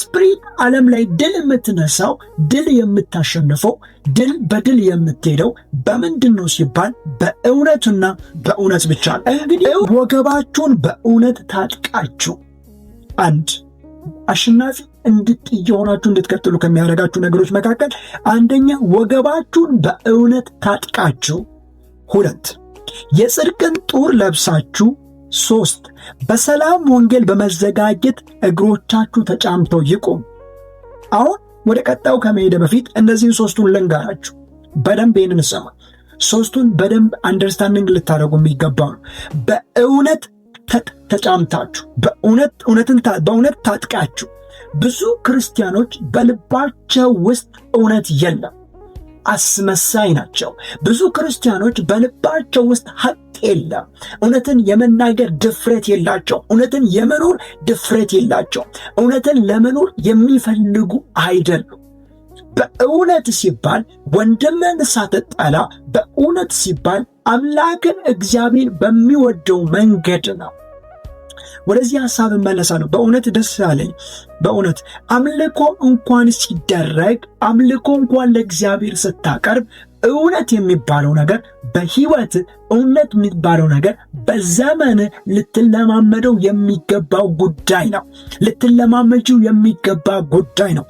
ስፕሪት ዓለም ላይ ድል የምትነሳው ድል የምታሸንፈው ድል በድል የምትሄደው በምንድን ነው ሲባል በእውነትና በእውነት ብቻ ነው። እንግዲህ ወገባችሁን በእውነት ታጥቃችሁ አንድ አሸናፊ እንድትየሆናችሁ እንድትቀጥሉ ከሚያደርጋችሁ ነገሮች መካከል አንደኛ ወገባችሁን በእውነት ታጥቃችሁ፣ ሁለት የጽድቅን ጡር ለብሳችሁ ሶስት በሰላም ወንጌል በመዘጋጀት እግሮቻችሁ ተጫምተው ይቁም። አሁን ወደ ቀጣዩ ከመሄደ በፊት እነዚህን ሶስቱን ልንገራችሁ። በደንብ ይህንን ሰማ ሶስቱን በደንብ አንደርስታንዲንግ ልታደረጉ የሚገባ ነው። በእውነት ተጫምታችሁ፣ በእውነት በእውነት ታጥቃችሁ። ብዙ ክርስቲያኖች በልባቸው ውስጥ እውነት የለም፣ አስመሳይ ናቸው። ብዙ ክርስቲያኖች በልባቸው ውስጥ ሀቅ የለም። እውነትን የመናገር ድፍረት የላቸው። እውነትን የመኖር ድፍረት የላቸው። እውነትን ለመኖር የሚፈልጉ አይደሉም። በእውነት ሲባል ወንድምን ሳትጠላ፣ በእውነት ሲባል አምላክን እግዚአብሔር በሚወደው መንገድ ነው። ወደዚህ ሀሳብ መለሳ ነው። በእውነት ደስ አለኝ። በእውነት አምልኮ እንኳን ሲደረግ አምልኮ እንኳን ለእግዚአብሔር ስታቀርብ እውነት የሚባለው ነገር በህይወት እውነት የሚባለው ነገር በዘመን ልትለማመደው የሚገባው ጉዳይ ነው። ልትለማመጂው የሚገባ ጉዳይ ነው።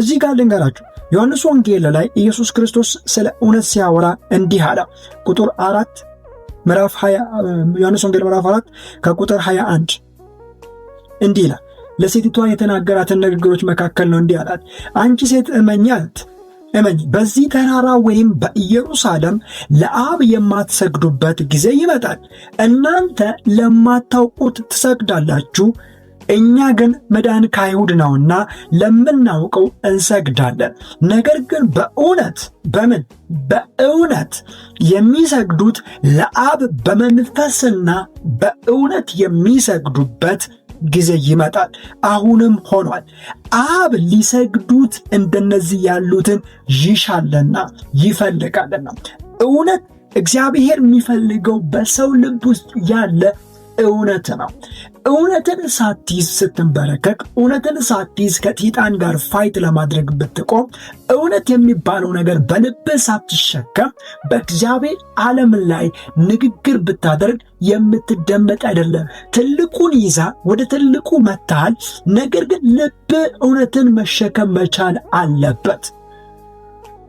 እዚህ ጋር ልንገራችሁ ዮሐንስ ወንጌል ላይ ኢየሱስ ክርስቶስ ስለ እውነት ሲያወራ እንዲህ አለ። ቁጥር አራት ምዕራፍ ዮሐንስ ወንጌል ምዕራፍ አራት ከቁጥር 21 እንዲህ ይላል። ለሴቲቷ የተናገራትን ንግግሮች መካከል ነው። እንዲህ አላት፣ አንቺ ሴት እመኛት እመኝ በዚህ ተራራ ወይም በኢየሩሳሌም ለአብ የማትሰግዱበት ጊዜ ይመጣል። እናንተ ለማታውቁት ትሰግዳላችሁ፣ እኛ ግን መዳን ከአይሁድ ነውና ለምናውቀው እንሰግዳለን። ነገር ግን በእውነት በምን በእውነት የሚሰግዱት ለአብ በመንፈስና በእውነት የሚሰግዱበት ጊዜ ይመጣል፣ አሁንም ሆኗል። አብ ሊሰግዱት እንደነዚህ ያሉትን ይሻለና ይፈልጋልና። እውነት እግዚአብሔር የሚፈልገው በሰው ልብ ውስጥ ያለ እውነት ነው። እውነትን ሳትይዝ ስትንበረከክ፣ እውነትን ሳትይዝ ከጢጣን ጋር ፋይት ለማድረግ ብትቆም፣ እውነት የሚባለው ነገር በልብህ ሳትሸከም በእግዚአብሔር ዓለም ላይ ንግግር ብታደርግ የምትደመጥ አይደለም። ትልቁን ይዛ ወደ ትልቁ መታሃል። ነገር ግን ልብህ እውነትን መሸከም መቻል አለበት።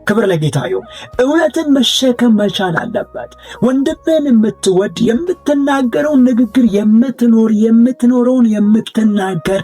ክብር ለጌታ ይሁን። እውነትን መሸከም መቻል አለበት። ወንድምን የምትወድ የምትናገረውን ንግግር የምትኖር የምትኖረውን የምትናገር